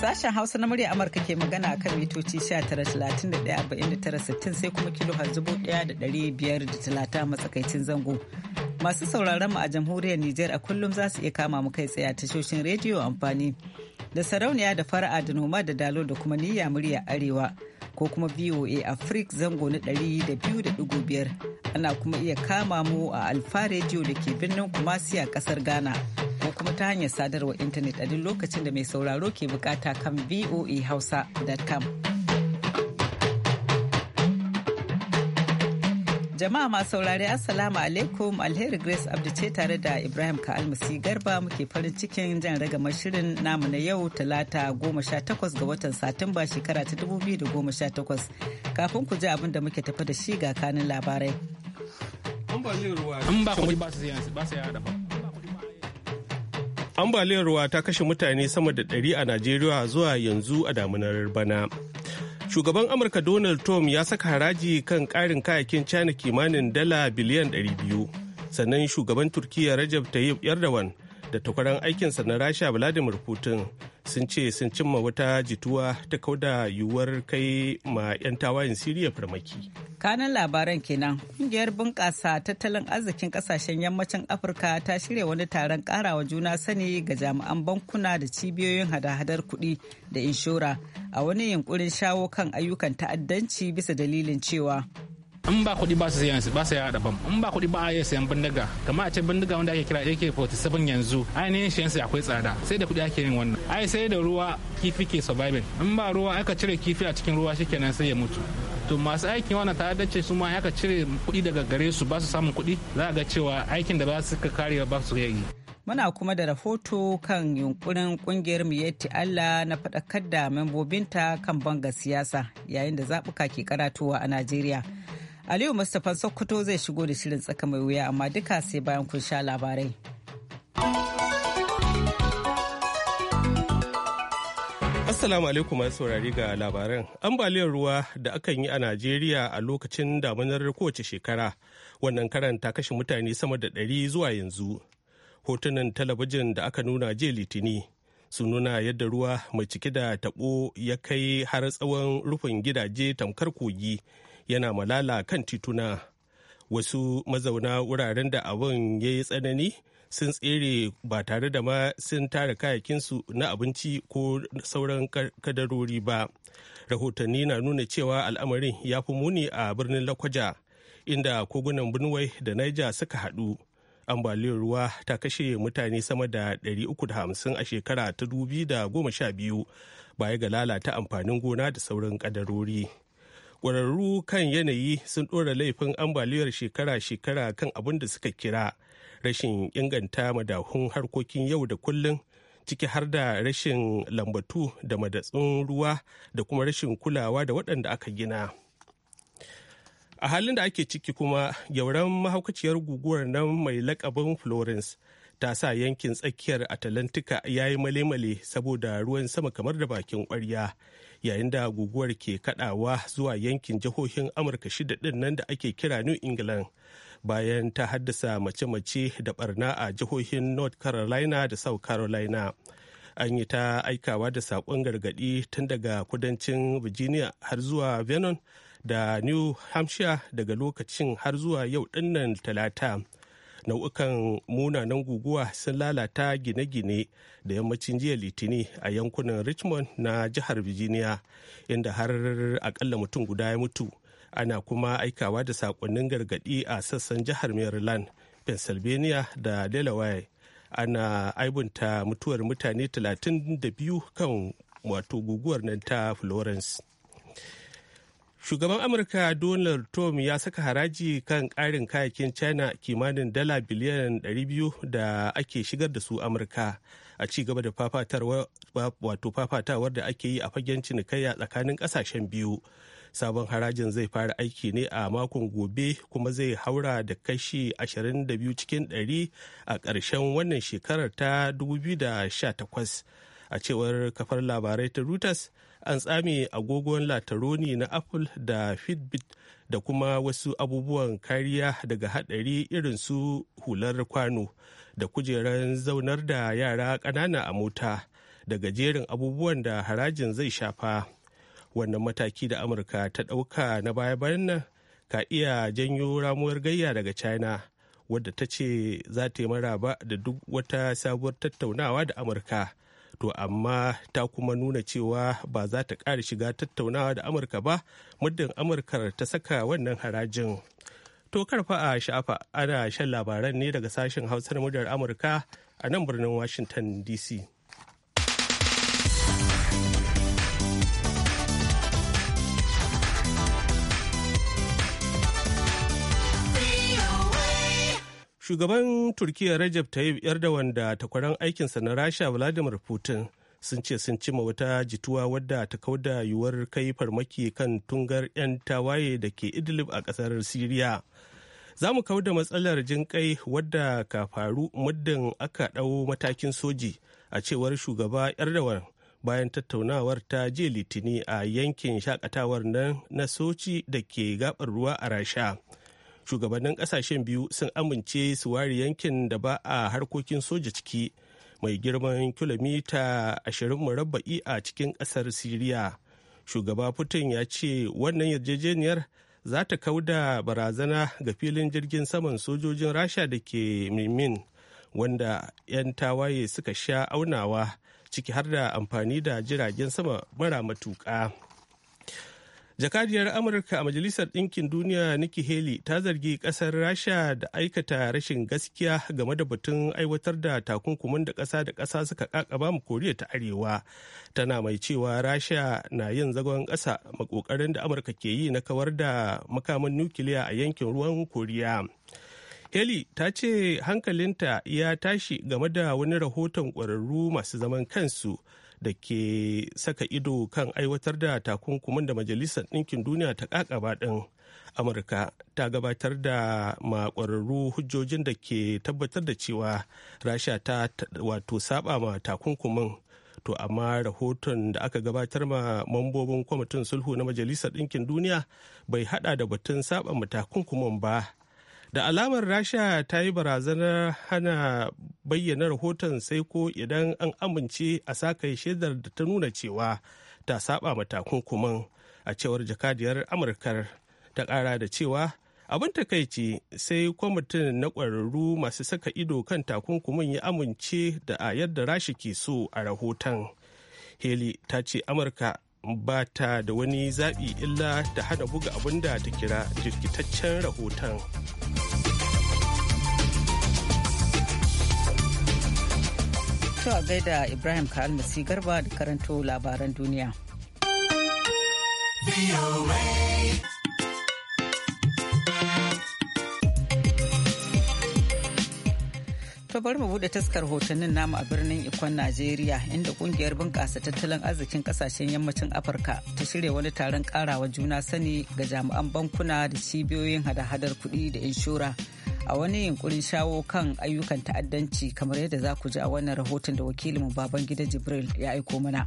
Sashen Hausa na murya Amurka ke magana a kan mitoci 19,31,49,60 sai kuma kilo zubo 1,530 matsakaicin zango. Masu sauraron mu a jamhuriyar Nijar a kullum za su iya kama mu kai tsaye a tashoshin rediyo amfani da sarauniya da fara'a da noma da dalo da kuma niyya murya arewa. ko kuma VOA Africa zango na 200.5 ana kuma iya kama mu a Alfa Radio da ke birnin Kumasi a kasar Ghana ko kuma ta hanyar sadarwar intanet a duk lokacin da mai sauraro ke bukata kan voahausa.com. Jama'a masu saurari Assalamu alaikum Alheri Grace Abdu ce tare da Ibrahim Ka'almasi Garba muke farin cikin jan ragama shirin namu na yau talata goma sha takwas ga watan Satumba shekara ta dubu biyu da goma sha takwas. Kafin ku ji abin da muke tafi da shi ga kanin labarai. Ambaliyar ruwa ta kashe mutane sama da ɗari a Najeriya zuwa yanzu a damunar bana. Shugaban Amurka Donald Trump ya saka haraji kan ƙarin kayakin China kimanin dala biliyan 200. Sannan shugaban Turkiyya Rajab Tayyip Erdogan da takwaran aikinsa na Rasha Vladimir Putin sun ce sun cimma wata jituwa ta kauda yiwuwar kai ma 'yan tawayen siriya farmaki kanan labaran kenan kungiyar bunƙasa tattalin arzikin ƙasashen yammacin afirka ta shirya wani taron ƙarawa juna sani ga jami'an bankuna da cibiyoyin hada-hadar kuɗi da inshora a wani yunkurin shawo kan ayyukan ta'addanci bisa dalilin cewa in ba kuɗi ba su sayan su ba su yada bam in ba kuɗi ba a yi sayan bindiga kamar a ce bindiga wanda ake kira AK47 yanzu ainihin shi yansu akwai tsada sai da kuɗi ake yin wannan ai sai da ruwa kifi ke surviving in ba ruwa aka cire kifi a cikin ruwa shikenan sai ya mutu to masu aikin wannan ta'addanci su ma aka cire kuɗi daga gare su ba su samun kuɗi za ga cewa aikin da ba su ka kare ba su yi muna kuma da rahoto kan yunkurin kungiyar miyatti Allah na faɗakar da membobinta kan banga siyasa yayin da zaɓuka ke karatuwa a Najeriya. Aliyu Mustapha Sokoto zai shigo da shirin tsaka mai wuya amma duka sai bayan kun sha labarai. Assalamu alaikum masu saurari ga labaran. Ambaliyar ruwa da akan yi a Najeriya a lokacin damunar kowace shekara. Wannan karanta ta kashe mutane sama da ɗari zuwa yanzu. Hotunan talabijin da aka nuna jiya litini sun nuna yadda ruwa mai cike da taɓo ya kai har tsawon rufin gidaje tamkar kogi yana malala kan tituna wasu mazauna wuraren da abin ya yi tsanani sun tsere ba tare da ma sun tara kayakinsu na abinci ko sauran kadarori ba rahotanni na nuna cewa al'amarin ya fi muni a birnin lakwaja inda kogunan benue da niger suka haɗu ambaliyar ruwa ta kashe mutane sama da 350 a shekara ta 2012 baya ga lalata amfanin gona da sauran kadarori. ƙwararru kan yanayi sun ɗora laifin ambaliyar shekara-shekara kan abin da suka kira rashin inganta madahun harkokin yau da kullum ciki har da rashin lambatu da madatsun ruwa da kuma rashin kulawa da waɗanda aka gina a halin da ake ciki kuma gyauran mahaukaciyar guguwar nan mai lakabin florence ta sa yankin tsakiyar atalantika ya yi male-male saboda ruwan sama kamar da bakin kwarya yayin da guguwar ke kadawa zuwa yankin jihohin amurka shida din nan da ake kira new england bayan ta haddasa mace-mace da barna a jihohin north carolina da south carolina an yi ta aikawa da saƙon gargaɗi tun daga kudancin virginia har zuwa vernon da new hampshire daga lokacin har zuwa yau dinnan talata nau'ukan munanan guguwa sun lalata gine-gine da yammacin jiya litini a yankunan richmond na jihar virginia inda har akalla mutum guda ya mutu ana kuma aikawa da sakonnin gargadi a sassan jihar maryland pennsylvania da delaware ana aibunta mutuwar mutane 32 kan wato guguwar nan ta florence Shugaban Amurka Donald Trump ya saka haraji kan ƙarin kayakin China kimanin dala biliyan 200 da ake shigar da su Amurka a ci gaba da fafatawar da ake yi a fagen cinikayya tsakanin ƙasashen biyu. Sabon harajin zai fara aiki ne a makon gobe kuma zai haura da kashi 22 cikin 100 a ƙarshen wannan shekarar ta 2018 a cewar kafar labarai ta Reuters. an tsami agogon lataroni na apple da fitbit da kuma wasu abubuwan kariya daga hadari irin su hular kwano da kujeran zaunar da yara kanana a mota daga jerin abubuwan da harajin zai shafa wannan mataki da amurka ta dauka na baya-bayan nan ka iya janyo ramuwar gayya daga china wadda ta ce za ta yi maraba da duk wata sabuwar tattaunawa da amurka to amma ta kuma nuna cewa ba za ta ƙara shiga tattaunawa da amurka ba muddin amurkar ta saka wannan harajin to karfa a sha'afa ana shan labaran ne daga sashen hausar muryar amurka a nan birnin washington dc shugaban turkiyya rajab tayyip erdogan da takwaran aikinsa na rasha vladimir putin sun ce sun cima wata jituwa wadda ta kauda yiwuwar kai farmaki kan tungar 'yan tawaye da ke idlib a kasar siriya za mu da matsalar jin kai wadda ka faru muddin aka ɗau matakin soji a cewar shugaba erdogan bayan tattaunawar ta je litini a yankin shakatawar nan na soci da ke gabar ruwa a rasha shugabannin kasashen biyu sun amince su ware yankin da ba a harkokin soja ciki mai girman kilomita 20 murabba'i a cikin kasar siriya shugaba putin ya ce wannan yarjejeniyar za ta kauda barazana ga filin jirgin saman sojojin rasha da ke mimin wanda 'yan tawaye suka sha aunawa ciki har da amfani da jiragen sama mara matuƙa. jakadiyar amurka a majalisar ɗinkin duniya nikki haley ta zargi ƙasar rasha da aikata rashin gaskiya game da batun aiwatar da takunkumin da ƙasa da ƙasa suka kakaba mu koriya ta arewa tana mai cewa rasha na yin zagon ƙasa makokarin da amurka ke yi na kawar da makaman nukiliya a yankin ruwan koriya Haley ta ce hankalinta ya tashi game da wani rahoton ƙwararru masu zaman kansu da ke saka ido kan aiwatar da takunkumin da majalisar ɗinkin duniya ta kakaba ɗin amurka ta gabatar da makwararru hujjojin da ke tabbatar da cewa rasha ta wato saba ma takunkumin to amma rahoton da aka gabatar ma mambobin kwamitin sulhu na majalisar ɗinkin duniya bai hada da batun saba ma takunkumin ba da alamar rasha ta yi barazanar hana bayyana rahoton sai ko idan an amince a saka shaidar da ta nuna cewa ta saba ma takunkuman a cewar jakadiyar amurkar ta kara da cewa abin takaici sai kwamitin na ƙwararru masu saka ido kan takunkumin ya amince da a yadda rashi ke so a rahoton heli ta ce amurka ba ta da wani zaɓi illa ta hana buga abin da ta kira jirkitaccen rahoton To a gaida Ibrahim kalmasi garba da karanto labaran duniya. To bari mu bude taskar hotunan namu a birnin Ikon Najeriya inda kungiyar bunƙasa tattalin arzikin ƙasashen yammacin Afirka ta shirya wani taron karawa juna sani ga jami'an bankuna da cibiyoyin hada-hadar kuɗi da inshora a wani yunkurin shawo kan ayyukan ta'addanci kamar yadda za ku ji a wannan rahoton da wakilin baban gida Jibril ya aiko mana.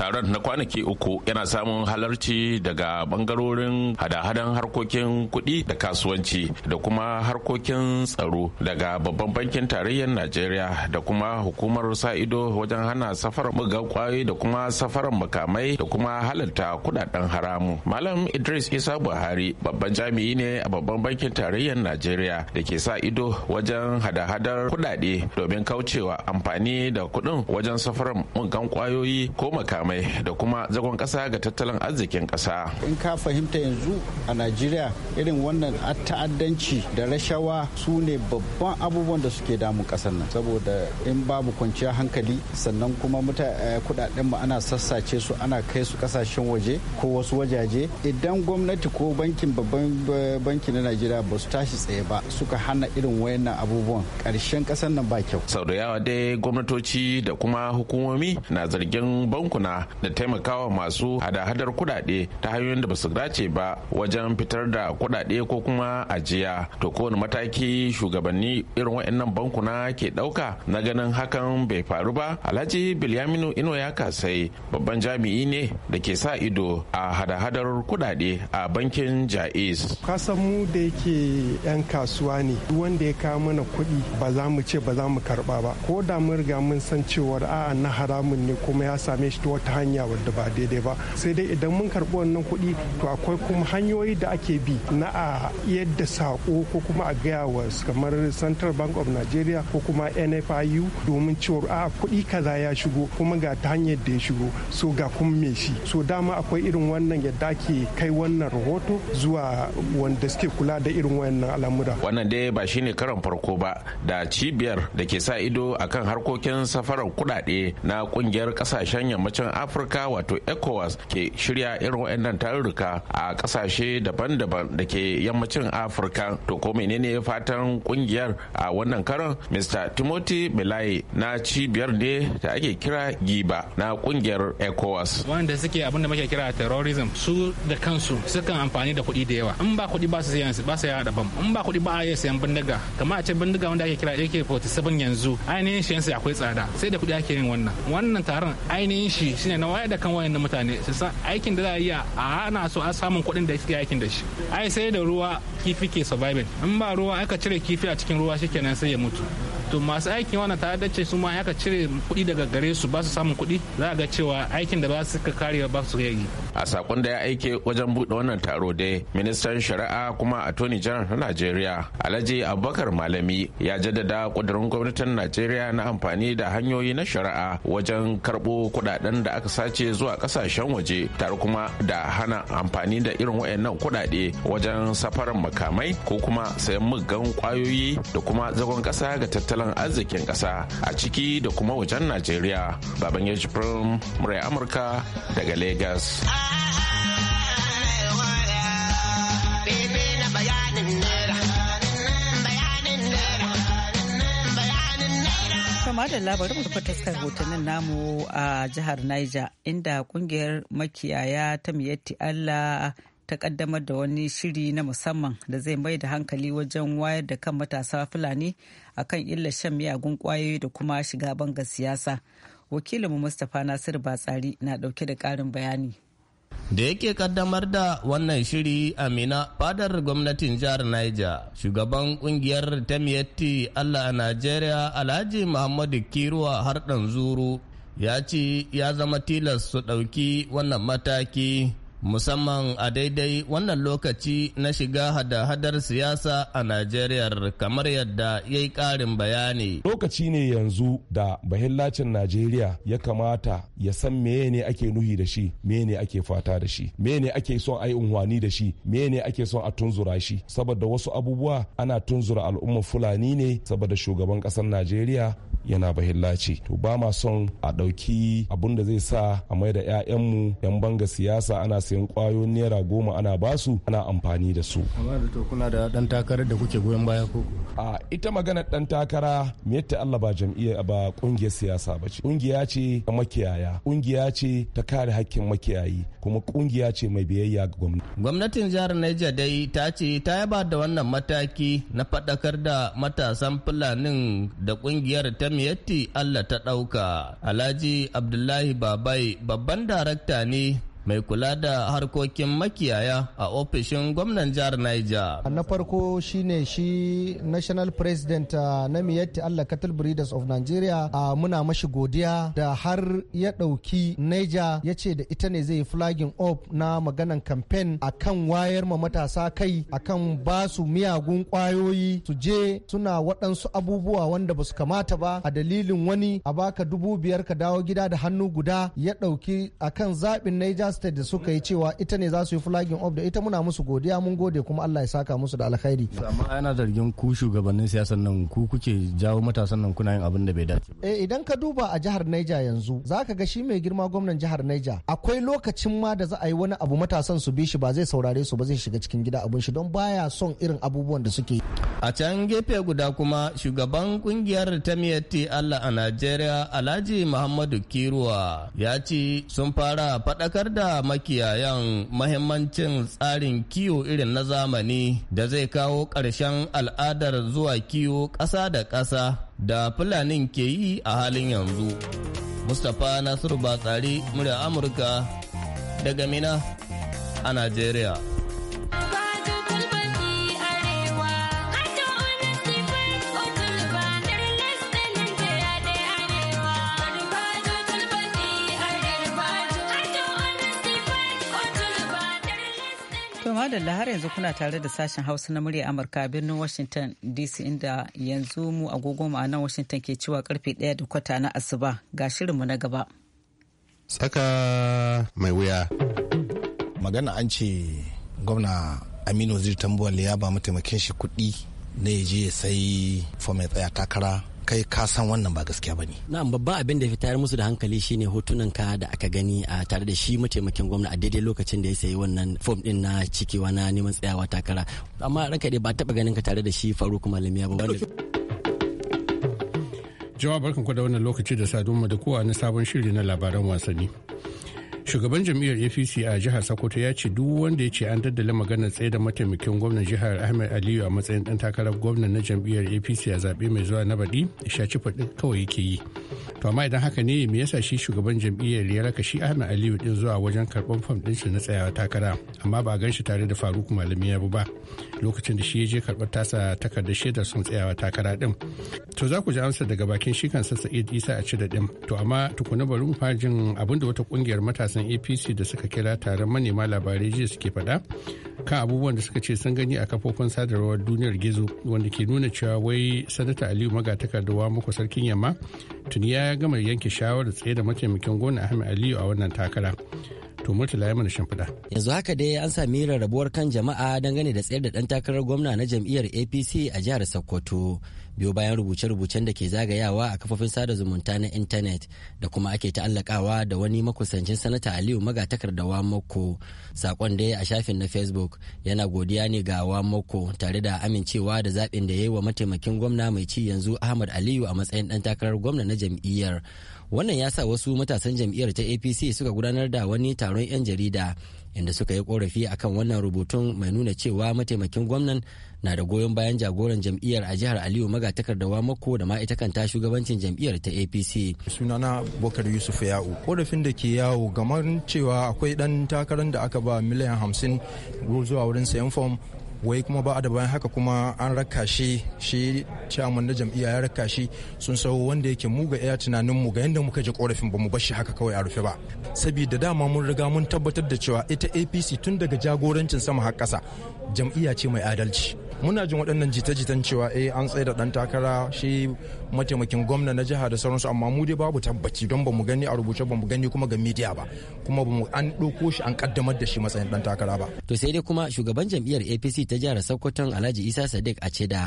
taron na kwanaki uku yana samun halarci daga bangarorin hada-hadan harkokin kuɗi da kasuwanci da kuma harkokin tsaro daga babban bankin tarayyar najeriya da kuma hukumar sa-ido wajen hana safarar buga kwayoyi da kuma safarar makamai da kuma halarta kudaden haramu malam idris isa buhari babban jami'i ne a babban bankin tarayyar najeriya da ke sa ido wajen hada-hadar kudade domin kaucewa amfani da kuɗin wajen safarar mugan kwayoyi ko makamai makamai da kuma zagon kasa ga tattalin arzikin kasa in ka fahimta yanzu a najeriya irin wannan ta'addanci da rashawa su ne babban abubuwan da suke damun kasar nan saboda in babu kwanciyar hankali sannan kuma eh, kudaden mu ana sassace su ana kai su kasashen waje ko wasu wajaje idan gwamnati ko bankin babban eh, banki na najeriya ba su tashi tsaye ba suka hana irin wayannan abubuwan karshen kasar nan ba kyau sau da yawa dai gwamnatoci da kuma hukumomi na zargin bankuna da taimakawa masu hada-hadar kudade ta hanyoyin da basu dace ba wajen fitar da kudade ko kuma ajiya to kowane mataki shugabanni irin waɗannan bankuna ke ɗauka na ganin hakan bai faru ba alhaji bilyaminu ino ya kasai babban jami'i ne da ke sa ido a hada-hadar kudade a bankin jais kasan mu da yake 'yan kasuwa ne wanda ya kawo mana kuɗi ba za mu ce ba za mu karba ba ko da mun riga mun san cewar a na haramun ne kuma ya same shi to wata hanya wadda ba daidai ba sai dai idan mun karɓi wannan kuɗi to akwai kuma hanyoyi da ake bi na a yadda saƙo ko kuma a gaya wa kamar central bank of nigeria ko kuma nfiu domin cewa a kuɗi kaza ya shigo kuma ga ta hanyar da ya shigo so ga kuma me shi so dama akwai irin wannan yadda ake kai wannan rahoto zuwa wanda suke kula da irin wannan al'amura wannan dai ba shine karan farko ba da cibiyar da ke sa ido akan harkokin safarar kuɗaɗe na kungiyar kasashen yammacin afirka wato ecowas ke shirya irin waɗannan tarurruka a kasashe daban-daban da ke yammacin afirka to ko menene fatan kungiyar a wannan karon mr timothy belaye na cibiyar ne da ake kira giba na kungiyar ecowas wanda suke abinda muke kira terrorism su da kansu sukan amfani da kuɗi da yawa in ba kuɗi ba su sayan ba su yawa daban in ba kuɗi ba a iya sayan bindiga kamar a ce bindiga wanda ake kira ak-47 yanzu ainihin shi akwai tsada sai da kuɗi ake yin wannan wannan taron ainihin shi shine na wayar da kan wayan mutane su san aikin da za a yi a ana so a samun kuɗin da suke aikin da shi ai sai da ruwa kifi ke surviving in ba ruwa aka cire kifi a cikin ruwa kenan sai ya mutu to masu aikin wannan ce su ma haka cire kuɗi daga gare su ba su samun kuɗi za a ga cewa aikin da ba su ka kare ba su yi a sakon da ya aike wajen buɗe wannan taro dai ministan shari'a kuma attorney general na najeriya alhaji abubakar malami ya jaddada kudurin gwamnatin najeriya na amfani da hanyoyi na shari'a wajen karɓo kudaden da aka sace zuwa kasashen waje tare kuma da hana amfani da irin wayannan kudade wajen safarar makamai ko kuma sayan muggan kwayoyi da kuma zagon kasa ga tattalin tattalin arzikin ƙasa a ciki da kuma wajen najeriya baban ya jibrin murai amurka daga legas madalla labarin mu rufe taskar hotunan namu a jihar Niger inda kungiyar makiyaya ta miyatti Allah ta kaddamar da wani shiri na musamman da zai mai da hankali wajen wayar da kan matasa fulani a kan illa shan miyagun kwayoyi da kuma shiga bangar siyasa wakilinmu mustapha nasir batsari na dauke da karin bayani da yake kaddamar da wannan shiri amina fadar gwamnatin jihar niger shugaban kungiyar temiyatti allah a nigeria alhaji muhammadu kiruwa har zuru ya ce ya zama tilas su ɗauki wannan mataki musamman a daidai wannan lokaci na shiga hada-hadar siyasa a Najeriya kamar yadda ya yi ƙarin bayani. Lokaci ne yanzu da bahillacin Najeriya ya kamata ya san meye ne ake nuhi da shi, meye ne ake fata da shi, meye ne ake son a yi unhwani da shi, meye ne ake son a tunzura shi. Saboda wasu abubuwa ana tunzura al'umma Fulani ne saboda shugaban ƙasar Najeriya yana bahillaci to ba ma son a ɗauki abun da zai sa a mai da mu 'yan banga siyasa ana sayan kwayoyin naira goma ana basu ana amfani da su. amma da to kuna da ɗan takarar da kuke goyon baya ko a ita magana dan takara yadda Allah ba jam'iyya ba kungiyar siyasa ba ce kungiya ce ta makiyaya kungiya ce ta kare hakkin makiyayi kuma kungiya ce mai biyayya ga gwamnati gwamnatin jihar Niger dai ta ce ta yaba da wannan mataki na fadakar da matasan fulanin da kungiyar ta miyatti Allah ta dauka Alhaji Abdullahi Babai babban darakta ne mai kula da harkokin makiyaya a ofishin gwamnan jihar Niger. Na farko shine shi National President uh, na Miyetti Allah Cattle Breeders of Nigeria a uh, muna mashi godiya da har ya ɗauki Niger ya ce da ita ne zai flagging up na maganan campaign kan wayar ma matasa kai akan ba su miyagun kwayoyi su je suna waɗansu abubuwa wanda ba su kamata ba a dalilin wani a baka dubu biyar ka dawo gida da hannu guda ya ɗauki a kan zaɓin Niger state da suka yi cewa ita ne za su yi flagging of da ita muna musu godiya mun gode kuma Allah ya saka musu da alkhairi amma ana zargin ku shugabannin siyasar nan ku kuke jawo matasan nan kuna yin abin da bai dace ba eh idan ka duba a jihar Niger yanzu zaka ga shi mai girma gwamnan jihar Niger akwai lokacin ma da za a yi wani abu matasan su bi shi ba zai saurare su ba zai shiga cikin gida abun shi don baya son irin abubuwan da suke a can gefe guda kuma shugaban kungiyar ta miyatti Allah a Najeriya Alhaji Muhammadu Kiruwa ya ce sun fara faɗakar da da makiyayan mahimmancin tsarin kiwo irin na zamani da zai kawo ƙarshen al'adar zuwa kiwo ƙasa da ƙasa da fulanin ke yi a halin yanzu. Mustapha Nasiru Batsari, murya Amurka daga Mina a Najeriya. To madalla har yanzu kuna tare da sashen Hausa na murya Amurka birnin Washington DC inda yanzu mu agogo nan Washington ke cewa karfe ɗaya da kwata na asuba ga shirinmu na gaba. Tsaka mai wuya. Magana an ce gwamna Aminu Zir Tambuwal ya ba mataimakin shi kudi na ya je ya sai fom ya tsaya takara kai ka san wannan ba gaskiya ba ne. na'am babban abin da ya tayar musu da hankali shine hotunan ka da aka gani a tare da shi mataimakin gwamna a daidai lokacin da ya sayi wannan fom din na cikewa na neman tsayawa takara amma ranka dai ba taba ganin ka tare da shi faruk malamiya ba wanda jawabar kan da wannan lokaci da sadunmu da kowa na sabon shiri na labaran wasanni shugaban jam'iyyar apc a jihar sokoto ya ce duk wanda ya ce an daddala magana tsaye da mataimakin gwamnan jihar ahmed aliyu a matsayin dan takarar gwamnan na jam'iyyar apc a zaɓe mai zuwa na baɗi shaci faɗi kawai yake yi to amma idan haka ne me yasa shi shugaban jam'iyyar ya raka shi ahmed aliyu din zuwa wajen karɓar fam ɗin shi na tsayawa takara amma ba gan shi tare da faruk malami ya ba lokacin da shi ya je karɓar tasa takardar shaidar sun tsayawa takara din to za ku ji amsa daga bakin shi kan kansa sa'id isa a cida din to amma tukuna bari mu fara jin abin da wata kungiyar matasan apc da suka kira taron manema labarai jiya suke faɗa kan abubuwan da suka ce sun gani a kafofin sadarwar duniyar gizo wanda ke nuna cewa wai sanata aliyu maga takardawa muku sarkin yamma tuni ya gama yanke shawarar tsaye da mataimakin gona ahmed aliyu a wannan takara to murtala ya mana shimfiɗa. yanzu haka dai an sami rarrabuwar kan jama'a dangane da tsayar da dan takarar gwamna na jam'iyyar apc a jihar sokoto biyo bayan rubuce-rubucen da ke zagayawa a kafofin sada zumunta na intanet da kuma ake ta'allakawa da wani makusancin sanata aliyu magatakar da mako. sakon da ya a shafin na facebook yana godiya ne ga mako tare da amincewa da zaɓin da ya yi wa mataimakin gwamna mai ci yanzu ahmad aliyu a matsayin ɗan takarar gwamna na jam'iyyar wannan ya sa wasu matasan jam'iyyar ta apc suka gudanar da wani taron 'yan jarida inda suka yi korafi kan wannan rubutun mai nuna cewa mataimakin gwamnan na da goyon bayan jagoran jam'iyyar a jihar aliyu magatakardawa mako da ma ita kanta shugabancin jam'iyyar ta apc sunana bokar yusuf ya'u korafin da ke yawo gamar cewa akwai dan takarar da aka ba miliyan hamsin zuwa wurin sayan fom wai kuma ba a da bayan haka kuma an raka shi shi chairman na jam'iyya ya raka shi sun sau wanda yake mu ga iya tunanin mu ga yadda muka ji korafin ba mu bar shi haka kawai a rufe ba saboda dama mun riga mun tabbatar da cewa ita apc tun daga jagorancin sama har ƙasa jam'iyya ce mai adalci muna jin waɗannan jita-jitan cewa eh an tsaye da ɗan takara shi mataimakin gwamna na jiha da sauransu amma mu dai babu tabbaci don ba mu gani a rubuce ba mu gani kuma ga midiya ba kuma ba mu an ɗauko shi an kaddamar da shi matsayin ɗan takara ba. to sai dai kuma shugaban jam'iyyar apc ta jihar sokoton alhaji isa sadiq a da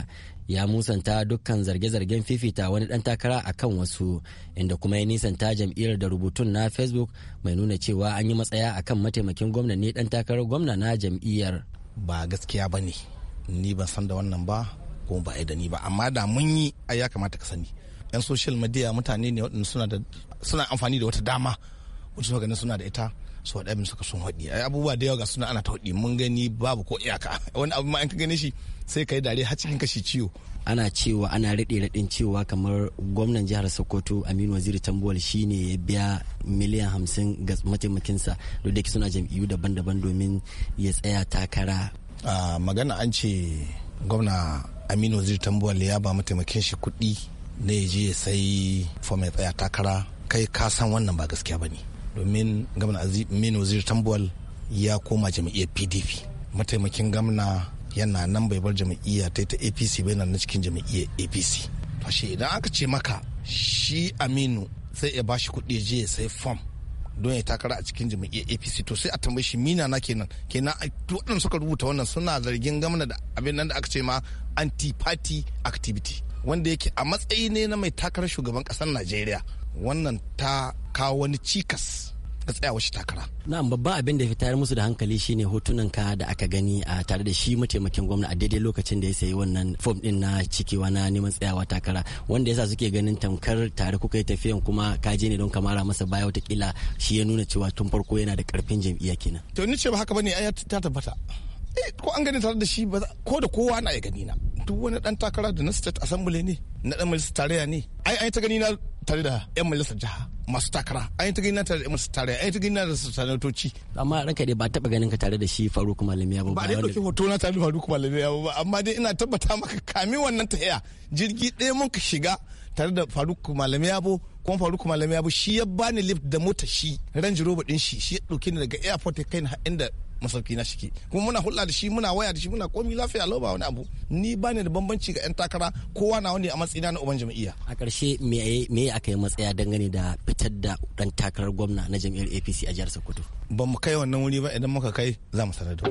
ya musanta dukkan zarge-zargen fifita wani ɗan takara a kan wasu inda kuma ya nisanta jam'iyyar da rubutun na facebook mai nuna cewa an yi matsaya akan mataimakin gwamna ne ɗan takarar gwamna na jam'iyyar. ba gaskiya ba ne ni ban san da wannan ba ko ba da ni ba amma da mun yi ai ya kamata ka sani yan social media mutane ne waɗanda suna da suna amfani da wata dama wacce suka suna da ita su waɗa abin suka sun haɗi ai abubuwa da yawa ga suna ana ta haɗi mun gani babu ko iyaka wani abu ma in ka gane shi sai ka yi dare har cikin kashi ciwo ana cewa ana raɗe raɗin cewa kamar gwamnan jihar sokoto aminu waziri tambuwal shine ya biya miliyan hamsin ga mataimakinsa duk da suna jam'iyyu daban-daban domin ya tsaya takara A magana an ce gwamna aminu zai tambuwal ya ba mataimakin shi kuɗi na ya je ya sai fom ya tsaya takara kai ka san wannan ba gaskiya ba ne domin gwamna aminu zai tambuwal ya koma jam'iyyar pdp mataimakin gwamna yana nan bai bar jam'iyya ta ta apc bai na cikin jam'iyyar apc to idan aka ce maka shi aminu sai ya bashi kuɗi je ya sai fom don ya takara a cikin jam'iyyar apc to sai a tambaye shi mina na kenan kenan waɗanda suka rubuta wannan suna zargin gamna da abin nan da aka ce ma anti party activity wanda yake a matsayi ne na mai takarar shugaban ƙasar najeriya wannan ta kawo wani cikas ka tsayawa shi takara. Na'am babban abin da ya fitar musu da hankali shine hotunan ka da aka gani a tare da shi mataimakin gwamna a daidai lokacin da ya sayi wannan fom din na cikewa na neman tsayawa takara wanda yasa suke ganin tamkar tare kuka yi tafiyan kuma ka je ne don mara masa baya wata kila shi ya nuna cewa tun farko yana da karfin jam'iyya kenan. To ni ce ba haka bane ai ta tabbata. Eh, ko an gani tare da shi ba ko da kowa na ya gani na duk wani dan takara da na state assembly ne na dan majalisar tarayya ne ai ai ta gani na tare da yan majalisar jiha masu takara ai ta gani na tare da yan majalisar tarayya ai ta gani na da sanatoci amma ranka dai ba taba ganin ka tare da shi faruk ya ba ba dai dauki hoto na tare da faruk ya ba amma dai ina tabbata maka kamin wannan tahiya jirgi ɗaya mun ka shiga tare da faruk malamiya ba kuma faruk malami abu shi ya bani lift da mota shi ranji roba din shi shi ya dauke ni daga airport kai ni inda masauki na shike kuma muna hulɗa da shi muna waya da shi muna komi lafiya lau ba wani abu ni ba ne da bambanci ga yan takara kowa na wani a matsayina na uban jam'iyya a ƙarshe me me aka yi matsaya dangane da fitar da dan takarar gwamna na jam'iyyar APC a jihar Sokoto ban mu kai wannan wuri ba idan muka kai za mu sanar da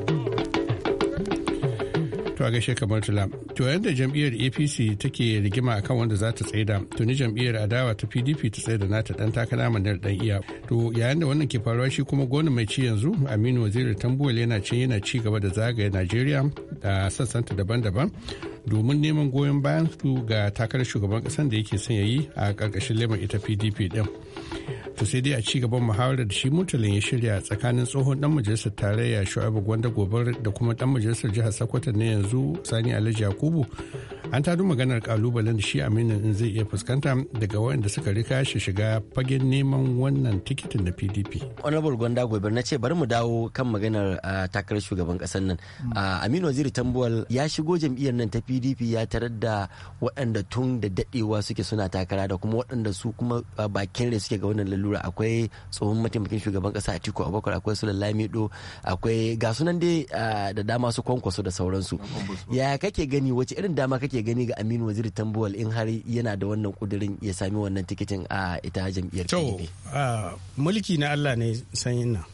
To a gaishe kamar tula. To yadda jam'iyyar APC take rigima akan wanda za ta tsaida, tuni jam'iyyar adawa ta PDP ta tsaida nata dan takara manar dan iya. To yayin da wannan ke faruwa shi kuma gona mai ci yanzu Aminu Waziri Tambuwal yana ce yana ci gaba da zagaya Najeriya da sassanta daban-daban domin neman goyon bayan su ga takarar shugaban kasan da yake son yayi a karkashin lemon ita pdp din to sai dai a ci gaban muhawarar da shi mutalin ya shirya tsakanin tsohon dan majalisar tarayya shu'abu gwanda gobar da kuma dan majalisar jihar sokoto na yanzu sani alhaji yakubu an tadu maganar kalubalen shi aminu in zai iya fuskanta daga waɗanda suka rika shi shiga fagen neman wannan tikitin da pdp honorable gwanda gobe na ce bari mu dawo kan maganar ah, takarar shugaban ƙasar nan hmm. ah, aminu waziri tambuwal ya shigo jam'iyyar nan ta pdp ya tarar da waɗanda tun da daɗewa suke suna takara da kuma waɗanda su kuma ah, bakin rai suke ga wannan lalura akwai tsohon mataimakin shugaban ƙasa atiku abubakar akwai su lamido akwai ga sunan dai da dama su kwankwaso da sauransu ya kake gani wace irin dama kake gani ga Aminu Waziri Tambuwal in har yana da wannan kudirin ya sami wannan tikitin a ita jam'iyyar To, mulki na Allah ne sanyin nan.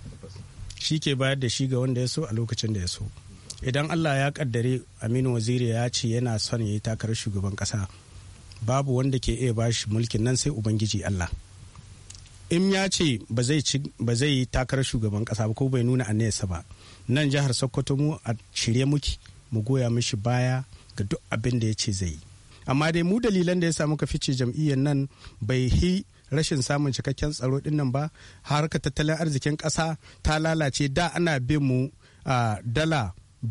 Shi ke bayar da shi ga wanda ya so a lokacin da ya so. Idan Allah ya kaddare Aminu Waziri ya ce yana son ya yi takarar shugaban kasa, babu wanda ke iya bashi mulkin nan sai Ubangiji Allah. in ya ce ba zai yi takarar shugaban kasa ba ko bai nuna aniyarsa ba nan jihar sokoto mu a shirye muke mu goya mishi baya ga duk abin da ya ce zai yi amma dai mu dalilan da ya samu ka fice jam'iyyar nan bai hi rashin samun cikakken tsaro din nan ba ka tattalin arzikin ƙasa ta lalace da ana bin mu dala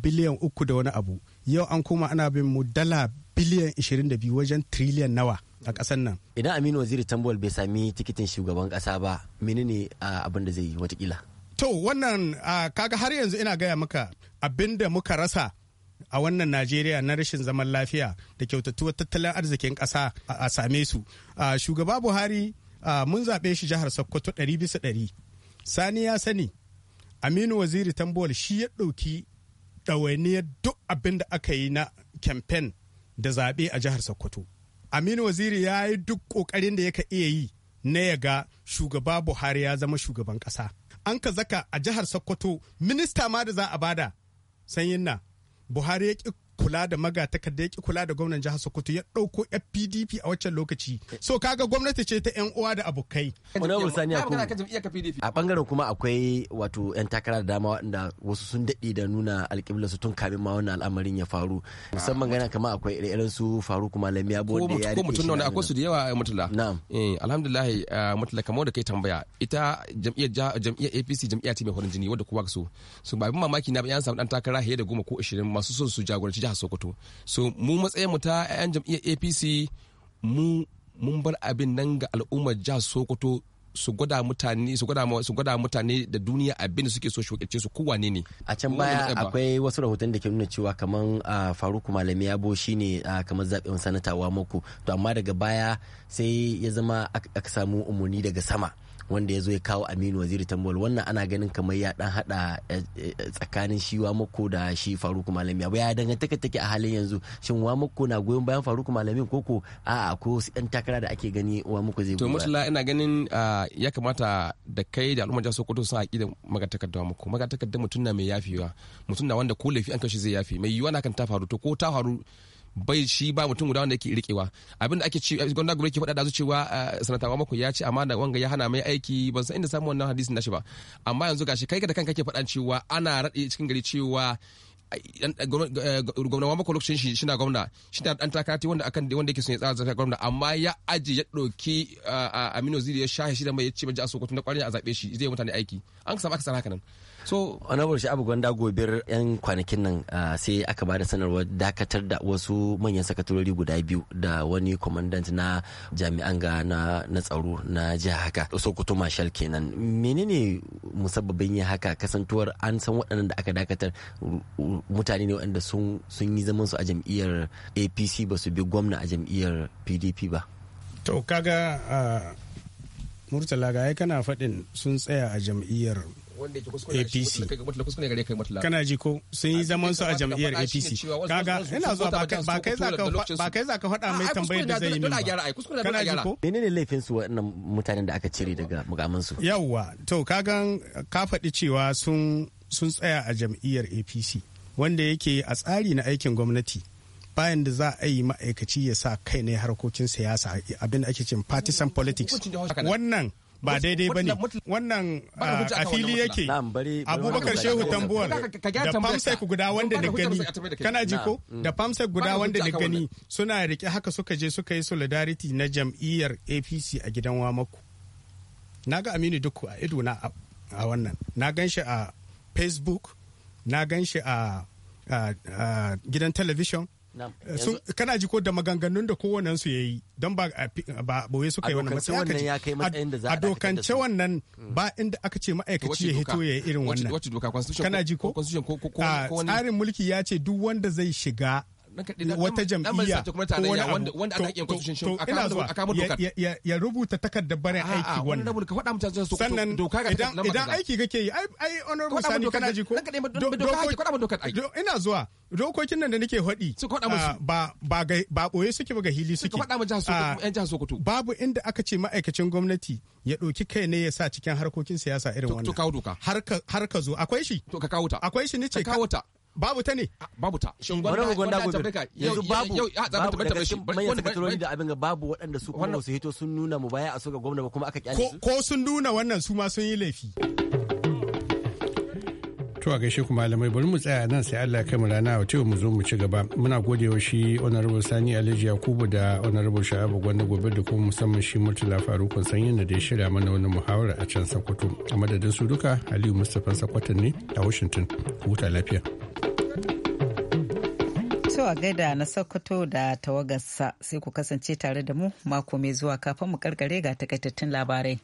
biliyan uku da wani abu yau an koma ana bin mu dala biliyan 22 wajen triliyan nawa a ƙasar nan. Idan Aminu Waziri Tambol bai sami tikitin shugaban ƙasa ba, menene abin da zai yi watakila? To wannan kaga har yanzu ina gaya maka abin da muka rasa a wannan najeriya na rashin zaman lafiya da kyautatuwar tattalin arzikin ƙasa a same su shugaba buhari mun zaɓe shi jihar sokoto ɗari bisa ɗari sani ya sani aminu waziri tambuwal shi ya ɗauki ɗawainiyar duk abin da aka yi na kamfen da zaɓe a jihar sokoto aminu waziri ya yi duk ƙoƙarin da yaka iya yi na ya ga shugaba buhari ya zama shugaban ƙasa an ka zaka a jihar sokoto minista ma da za a bada sanyin na buhari ya ƙi kula da magatakarda ya ki kula da gwamnan jihar Sokoto ya ɗauko FPDP a wancan lokaci. So kaga gwamnati ce ta yan uwa da abokai. A bangaren kuma akwai wato yan takara da dama waɗanda wasu sun daɗe da nuna alƙiblar su tun kafin ma wannan al'amarin ya faru. Musamman gana kamar akwai irin su faru kuma lamiya bo da ya Ko mutum akwai su da yawa eh, mutula. Na'am. Eh, alhamdulillah eh, mutula kamar da kai tambaya ita jam'iyyar jam'iyyar APC jam'iyya ce mai horin jini wanda kowa so. So ba mamaki na ba yan samu dan takara fiye da goma ko 20 masu son su jagoranci jihar sokoto so mu matsayin mu ta 'yan jam'iyyar apc mu mun bar abin nan ga al'ummar jihar sokoto su gwada mutane su gwada su gwada mutane da duniya abin da suke so shi wakilce su kowane ne a can baya akwai wasu rahoton da ke nuna cewa kaman faruku malami ya bo shine kamar zaɓin sanatawa muku. to amma daga baya sai ya zama aka samu umarni daga sama wanda ya zo ya kawo aminu waziri tambol wannan ana ganin kamar ya dan hada eh, eh, tsakanin shi mako da shi faruku malami abu ya dangantaka take a halin yanzu shin mako na goyon bayan faruku malami ko a ko yan takara da ake gani mako zai to mutula ina ganin ah, ya kamata da kai da al'ummar jihar sokoto sun haƙi da mako magatakar da mutum na mai yafiwa mutum na wanda ko laifi an kashi zai yafi mai yiwuwa na kan ta faru to ko ta faru bai shi ba mutum guda wanda yake rikewa abinda ake ci gwamnati gure ke faɗa da cewa eh, sanatawa maku ya ce amma da wanga ya hana mai aiki ban san inda samu wannan hadisin nashi ba amma yanzu gashi kai ka da kanka ke faɗan cewa ana raɗe cikin gari cewa eh, eh, gwamnati maku lokacin shi shina gwamna shi na dan takati wanda akan wanda yake son ya tsara gwamna amma ya aji ya ɗauki Aminu Ziri ya shahe shi da mai ya ce ba ji a Sokoto na kwarin a zaɓe shi zai mutane aiki an ka samu aka sana haka nan so honorable abu gwanda gobir yan kwanakin nan ah, sai aka bada sanarwar dakatar da wasu manyan sakatarori guda biyu da wani commandant na jami'an ga na tsaro na jiha haka sokoto marshal kenan menene musabbabin yin haka kasantuwar an san waɗannan da aka dakatar mutane ne waɗanda sun yi zaman su a jam'iyyar apc ba su bi gwamna a jam'iyyar pdp ba to kaga ah, murtala ga kana faɗin sun tsaya a jam'iyyar APC kana ji ko sun yi zaman su a jam'iyyar APC kaga ina zuwa ba kai za ka faɗa mai tambayar da zai yi min ba kana ji ko menene laifin su waɗannan mutanen da aka cire daga mukamin su yawwa to kagan ka faɗi cewa sun sun tsaya a jam'iyyar APC wanda yake a tsari na aikin gwamnati bayan da za a yi ma'aikaci ya sa kai ne harkokin siyasa abin da ake cin partisan politics wannan ba daidai ba ah, ne. wannan a fili yake abubakar shehu tambuwar da famsek guda wanda da gani kana ji ko mm. da famsek guda wanda da gani suna rike haka suka je suka yi solidarity na jam'iyyar apc a gidan wamaku na ga aminu duku a ido na a wannan na gan shi a facebook na gan shi a gidan television Eh, kana ji ko da maganganun da kowannen su yayi don ba ba boye suka yi wannan matsayi aka ya kai matsayin da za a dokance wannan mm. ba inda aka ce ma'aikaci ya hito ya yi irin wannan kana ji ko tsarin mulki ya ce duk wanda zai shiga wata jam'iyya ko wani abu wanda ana yin constitution shi ina zuwa ya rubuta takarda barin aiki wannan sannan idan aiki kake yi ai honorable sani kana ji ko ina zuwa dokokin nan da nake hodi ah, ba ba ba boye suke ba ga hili suke ah, babu inda aka ce ma'aikacin gwamnati ya ɗauki kai ne ya sa cikin harkokin siyasa irin wannan to kawo doka har ka zo akwai shi to ka kawo ta akwai shi ne ce ka kawo ta babu ta ne babu ta shin gwanda gwanda gobe yanzu babu yau ya zaɓi shi manyan sakatarori da abin ga babu waɗanda su kuma su hito sun nuna mu baya a soga gwamna ba kuma aka kyale su ko sun nuna wannan su ma sun yi laifi to a gaishe ku malamai bari mu tsaya nan sai Allah kai mu rana a mu zo mu ci gaba muna wa shi honorable Sani Alhaji Yakubu da honorable Shahabu Gwanda gobe da kuma musamman shi Murtala Farukun Sanyin da ya shirya mana wani muhawara a can Sokoto a madadin su duka Aliyu Mustafa Sokoto ne a Washington huta lafiya so a gaida na Sokoto da tawagarsa sai ku kasance tare da mu mako mai zuwa kafin mu karkare ga takaitattun labarai.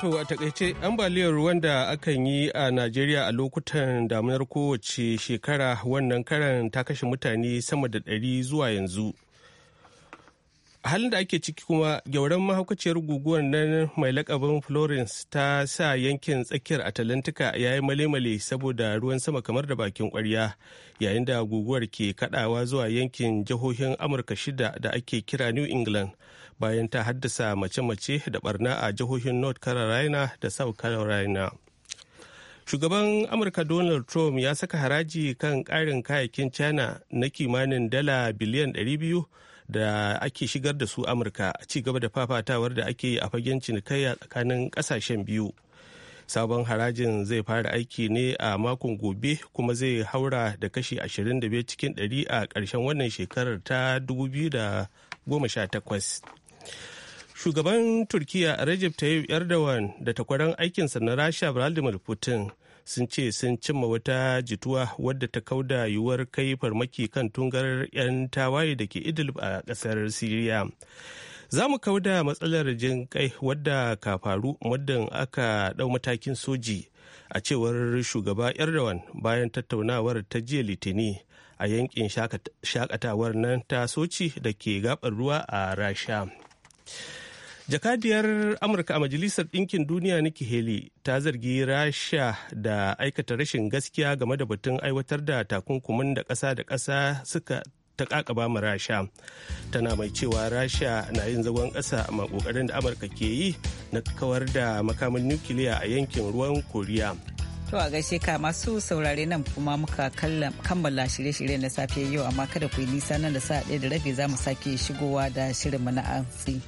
To a takaice ambaliyar ruwan da akan yi a Najeriya a lokutan damunar kowace shekara wannan karan ta kashe mutane sama da ɗari zuwa yanzu. halin da ake ciki kuma gyauran mahaukaciyar guguwar nan mai lakabin florence ta sa yankin tsakiyar atalantika ya yi male-male saboda ruwan sama kamar da bakin kwarya yayin da guguwar ke kadawa zuwa yankin jihohin amurka shida da ake kira new england bayan ta haddasa mace-mace da barna a jihohin north carolina da south carolina shugaban amurka donald trump ya saka haraji kan karin kayakin china na kimanin dala biliyan 200 da ake shigar da su amurka a ci gaba da fafatawar da ake yi a fagen cinikayya tsakanin kasashen biyu sabon harajin zai fara aiki ne a makon gobe kuma zai haura da kashi 25 cikin 100 a ƙarshen wannan shekarar ta 2018 shugaban turkiya recep tayyip erdogan da takwaran aikinsa na rasha vladimir putin sun ce sun cimma wata jituwa wadda ta kauda yiwuwar kai farmaki kan tungar 'yan tawaye da ke idlib a kasar siriya za mu kauda matsalar jin kai wadda ka faru muddin aka ɗau matakin soji a cewar shugaba erdogan bayan tattaunawar ta jiya litini a yankin shakatawar nan ta soci da ke gabar ruwa a rasha jakadiyar amurka a majalisar ɗinkin duniya nikki haley ta zargi rasha da aikata rashin gaskiya game da batun aiwatar da takunkumin da ƙasa da ƙasa suka ta ma rasha tana mai cewa rasha na yin zagon ƙasa a makokarin da amurka ke yi na kawar da makamin nukiliya a yankin ruwan koriya To a gaishe ka masu saurare nan kuma muka kammala shirye-shirye na safe yau amma kada ku yi nisa nan da sa ɗaya da rabi za mu sake shigowa da shirin mu na antsi.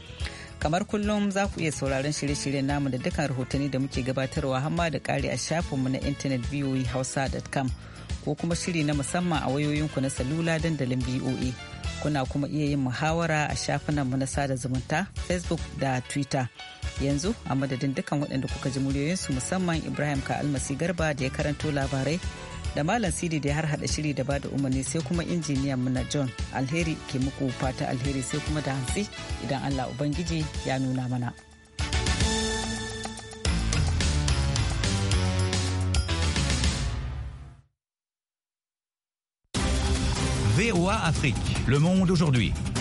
kamar kullum za ku iya sauraron shirye-shiryen namu da dukkan rahotanni da muke gabatarwa hamma da kari a shafinmu na intanet hausa.com ko kuma shiri na musamman a wayoyinku na salula dandalin voa kuna kuma iya yin muhawara a shafinanmu na sada zumunta facebook da twitter yanzu a madadin dukkan waɗanda kuka ji muryoyinsu musamman ibrahim ka almasi garba da ya karanto labarai da malam sidi da har hada shiri da bada umarni sai kuma injiniyan mu na john alheri ke muku fata alheri sai kuma da hantsi idan allah ubangiji ya nuna mana. VOA Afrique. Le monde aujourd'hui.